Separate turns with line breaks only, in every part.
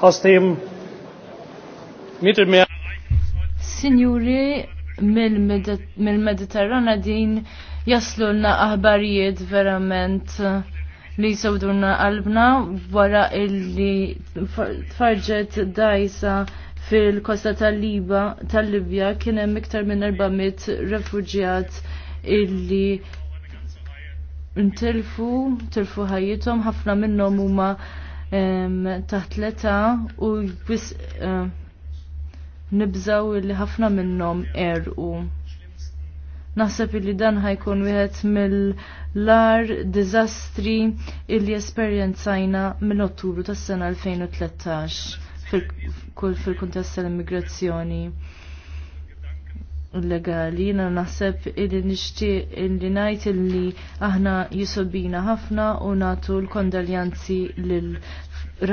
aus dem Mittelmeer. Signori, mill-Mediterrana din jaslu lna aħbarijiet verament li jisawdurna qalbna wara illi tfarġet dajsa fil-kosta tal-Liba tal-Libja kien hemm iktar minn 400 refuġjat illi ntilfu, tilfu ħajjithom ħafna minnhom huma taħt l u jgwis nibżaw li ħafna minnhom erqu. Naħseb li dan ħajkun wieħed mill-lar diżastri illi esperjenzajna minn Ottubru tas-sena 2013 fil-kuntest tal-immigrazzjoni legali, na naħseb illi nixtieq illi najt illi aħna jisobina ħafna u natu l-kondaljanzi lil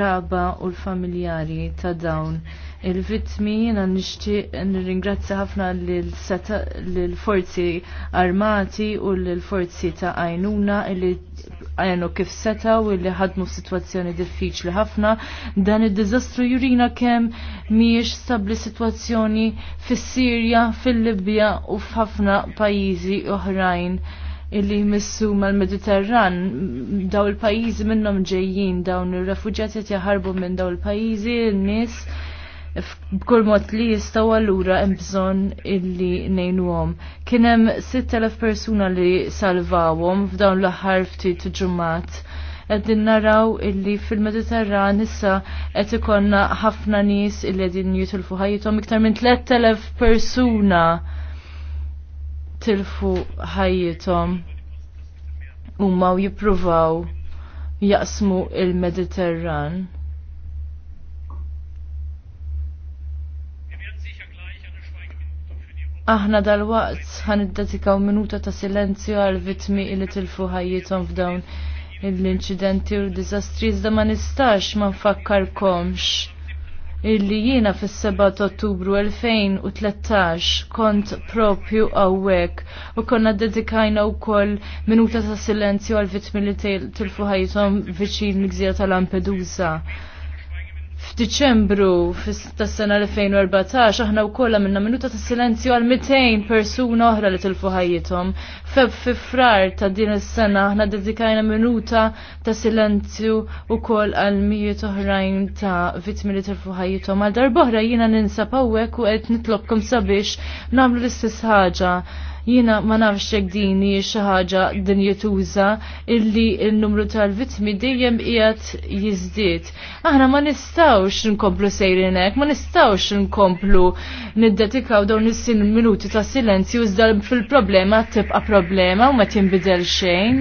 raba u l-familjari ta' dawn il-vitmi jina nir-ingrazzi ħafna l-forzi armati u l-forzi ta' għajnuna li għajnu kif seta u li ħadmu situazzjoni diffiċli ħafna. Dan il-dizastru jurina kem miex stabli situazzjoni fis sirja fil-Libja u f'ħafna pajizi oħrajn illi jmissu mal-Mediterran, daw il-pajizi minnom ġejjin, dawn il-refugġati jaħarbu minn daw il-pajizi, il-nis, il pajizi il nis b'kull mod li jistgħu allura hemm bżonn illi ngħinuhom. Kien hemm 6000 persuna li salvawhom f'dawn l-aħħar ftit ġumat. Qegħdin naraw illi fil-Mediterran issa qed ikollna ħafna nies illi qegħdin jitilfu ħajjithom iktar minn 3000 persuna tilfu ħajjithom huma jippruvaw jaqsmu il-Mediterran. Aħna dal-waqt id-dedikaw minuta ta' silenzju għal vitmi li tilfu ħajjithom f'dawn l-inċidenti u l dizastri iżda ma nistax ma nfakkarkomx illi jiena fis-7 ta' Ottubru 2013 kont propju għawek u konna dedikajna wkoll minuta ta' silenzju għal vittmi li tilfu ħajthom viċin l-gżira tal-Lampedusa. F'Diċembru tas-sena 2014 aħna wkoll minna minuta ta' silenzju għal 200 persuna oħra li tilfu ħajjithom. Feb fifrar ta' din is-sena aħna dedikajna minuta ta' silenzju wkoll għal mijiet oħrajn ta' vittmi li tilfu ħajjitom. Għal darba jina ninsa hawnhekk u qed nitlobkom sabiex nagħmlu l-istess ħaġa Jiena ma nafx jekk din hi xi ħaġa din jituża illi n-numru tal-vittmi dejjem qiegħed jiżdied. Aħna ma nistgħux nkomplu sejrin hekk, ma nistgħux nkomplu niddetikaw dawn is-sin minuti ta' silenzju iżda fil-problema tibqa' problema u ma tinbidel xejn.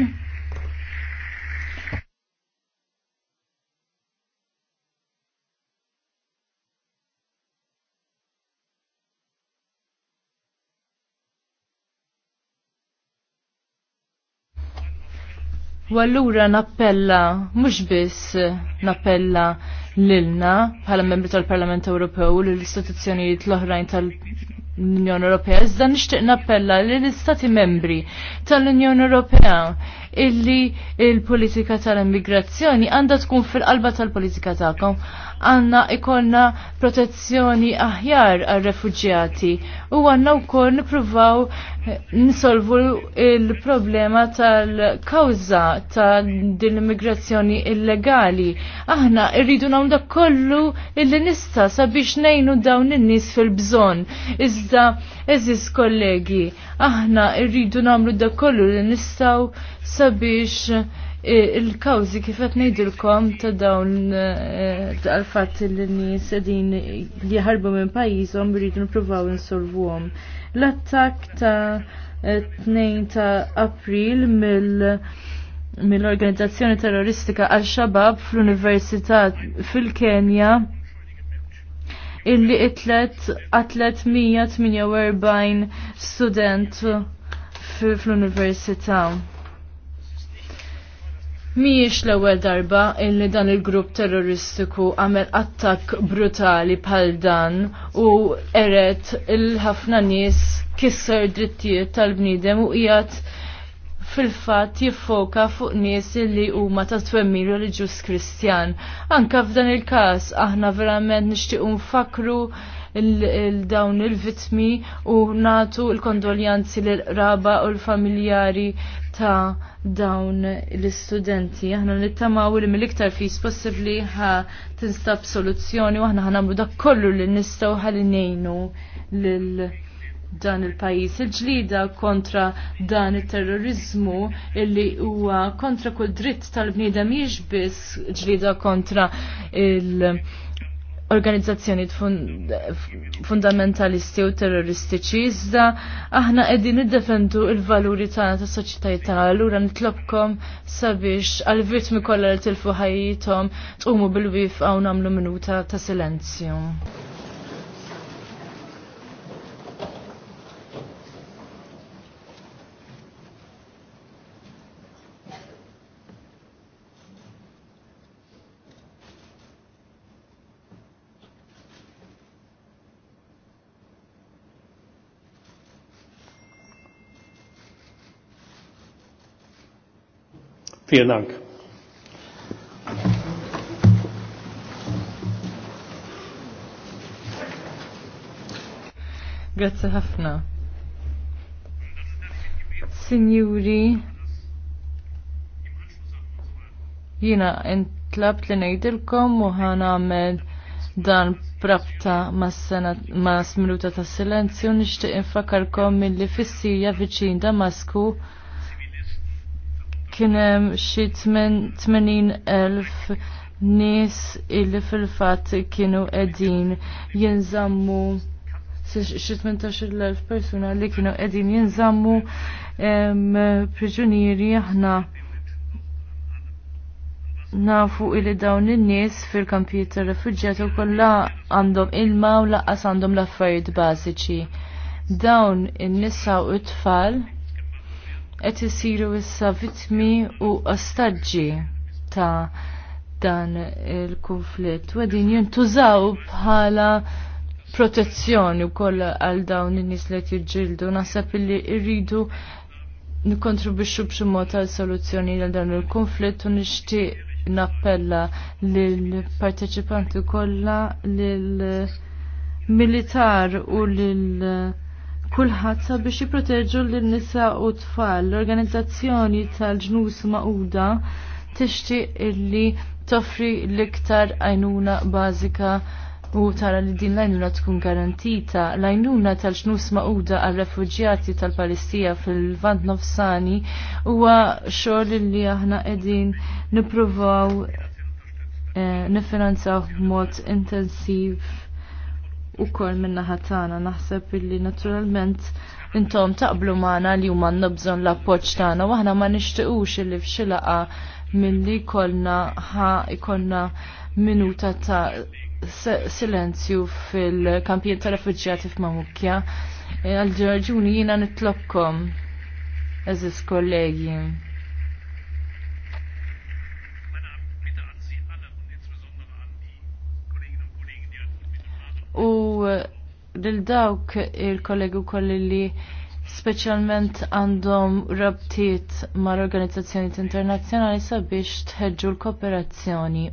U allura nappella, mhux biss nappella lilna bħala membri tal-Parlament Ewropew l istituzzjonijiet l-oħrajn tal l-Unjoni Ewropea. Iżda nixtieq nappella li l-Istati membri tal-Unjoni Ewropea illi il-politika tal-immigrazzjoni għandha tkun fil-qalba tal-politika tagħkom. Għandna ikollna protezzjoni aħjar għar-refuġjati u għandna wkoll nippruvaw nisolvu il-problema tal-kawża tal-immigrazzjoni illegali. Aħna rridu nagħmlu kollu illi nista' sabiex ngħinu dawn in-nies fil-bżonn. Iż Iżda, eżis kollegi, aħna irridu namlu da kollu li nistaw sabiex eh, il-kawzi kifet nejdilkom ta' dawn eh, għal-fat li nis edin li ħarbu minn pajizom rridu nipruvaw insolvuhom. L-attak ta' 2 ta' april mill- mill-organizzazzjoni terroristika għal-xabab fl-Università fil-Kenja illi itlet atlet 148 student fl-università. Miex l-ewwel darba illi dan il-grupp terroristiku għamel attakk brutali bħal dan u eret il-ħafna nies kisser drittijiet tal-bniedem u qiegħed fil-fatt jiffoka fuq nies li huma ta' twemmi reliġjuż Kristjan. Anka f'dan il-każ aħna verament nixtiequ nfakru il-dawn il-vitmi u natu l-kondoljanzi l-raba u l-familjari ta' dawn l-istudenti. Aħna nittamaw li mill-iktar fis possibli ħa tinstab soluzzjoni u aħna ħanamlu dak kollu li nistaw ħalli nejnu lil dan il-pajis. Il-ġlida kontra dan il-terrorizmu illi huwa kontra kull dritt tal-bniedem miex ġlida kontra il- organizzazzjoni fundamentalisti u terroristiċi, iżda aħna qegħdin niddefendu il-valuri tagħna tas soċjetajiet tagħna, allura nitlobkom sabiex għal vittmi kollha li tilfu ħajjithom tqumu bil-wif hawn nagħmlu minuta ta' silenzju. Vielen Dank. Grazie ħafna. Signori, jina intlab li nejdilkom u ħanamel dan prabta ma' minuta ta' silenzju nishtiq infakarkom mill-li fissija viċin Damasku kienem xi 80,000 nies illi fil-fatt kienu qegħdin jinżammu xi 18,000 persuna li kienu qegħdin jinżammu priġunieri aħna nafu illi dawn in-nies fil-kampijiet tar refuġjati kollha għandhom ilma u laqqas għandhom l-affarijiet bażiċi. Dawn in-nisa u t-tfal qed isiru issa vittmi u ostaġġi ta' dan il-konflitt u għedin jintużaw bħala protezzjoni u koll għal dawn in-nies li jiġġieldu naħseb illi rridu nikontribwixxu b'xi mod għal soluzzjoni għal dan il-konflitt u nixtieq nappella lill-parteċipanti kollha lill-militar u lill kulħadd sabiex jipproteġu lin-nisa u tfal. L-organizzazzjoni tal-ġnus Mauda tixtieq illi toffri l-iktar għajnuna bażika u tara li din l-għajnuna tkun garantita. L-għajnuna tal-ġnus Mauda għal-refuġjati tal-Palestija fil-Vant Nofsani huwa xogħol li aħna qegħdin nippruvaw eh, nifinanzaw b'mod intensiv u kol minna ħatana naħseb illi naturalment intom taqblu maħna li huma bżon l poċ tagħna u aħna ma nishtiqux illi fxilaqa milli kolna ħa ikolna minuta ta' silenzju fil-kampijiet ta' refugjati f'Mamukja. E, Għal-ġarġuni jina nitlokkom, eżis kollegi. lil dawk il-kollegu kolli li speċjalment għandhom rabtiet mal-organizzazzjoni internazzjonali sabiex tħeġġu l-kooperazzjoni